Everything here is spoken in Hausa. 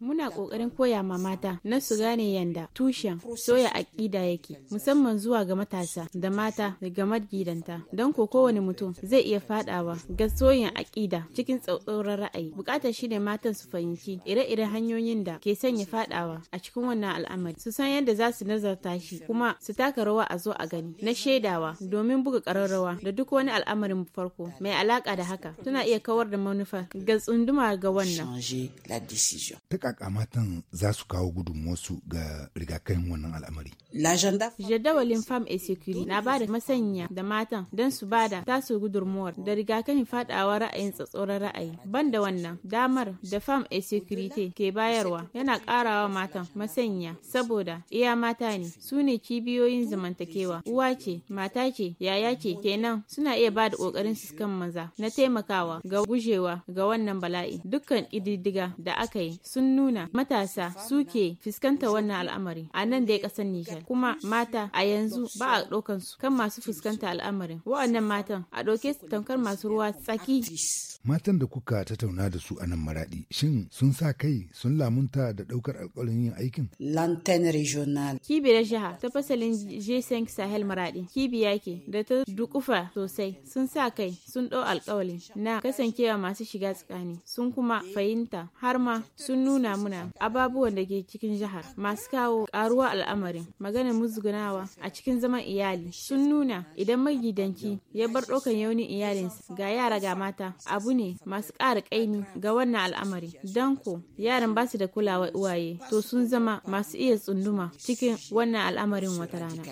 Muna ƙoƙarin koya ma mata na su gane yanda tushen soya aƙida yake musamman zuwa ga matasa da mata da magidanta don ko kowane mutum zai iya fadawa ga soyin aƙida cikin tsautsauran ra'ayi. Bukatar shi ne matan su fahimci ire-iren hanyoyin da ke sanya fadawa a cikin wannan al'amari su san yadda za su nazarta shi kuma su taka rawa a zo a gani na shaidawa domin buga ƙararrawa da duk wani al'amarin farko mai alaƙa da haka suna iya kawar da manufa ga tsunduma ga wannan. decision. Ta kaka matan za su kawo wasu ga rigakafin wannan al'amari. Jadawalin Farm a Security na ba da masanya da matan don su bada da tasu gudunmuwar da rigakafin fadawa ra'ayin tsatsoron ra'ayi. Banda wannan damar da Farm a Security ke bayarwa yana karawa matan masanya saboda iya mata ne su ne kibiyoyin zamantakewa uwa ce mata ce yaya ce kenan suna iya ba da kokarin su kan maza na taimakawa ga gujewa ga wannan bala'i dukkan kididdiga da aka aka sun nuna matasa suke fuskanta wannan al'amari a nan ya kasar Nijar. Kuma mata a yanzu ba a ɗaukan su kan masu fuskanta al'amarin. Wa'annan matan a ɗauke su tamkar masu ruwa tsaki. Matan da kuka tattauna da su a nan maraɗi, shin sun sa kai sun lamunta da ɗaukar alƙalin yin aikin? Lantern Regional. Kibiyar jiha ta fasalin G5 Sahel maraɗi, kibiya ke da ta dukufa sosai sun sa kai sun ɗau alƙawali na kasancewa masu shiga tsakani sun kuma fahimta har ma sun nuna muna ababuwan da ke cikin jihar masu kawo karuwa al'amarin magana musgunawa a cikin zaman iyali sun nuna idan magidanci ya bar ɗaukan yaunin iyalinsa ga yara ga mata abu ne masu ƙara ƙaini ga wannan al'amari don ko yaran ba su da kulawa uwaye to sun zama masu iya tsunduma cikin wannan al'amarin wata rana.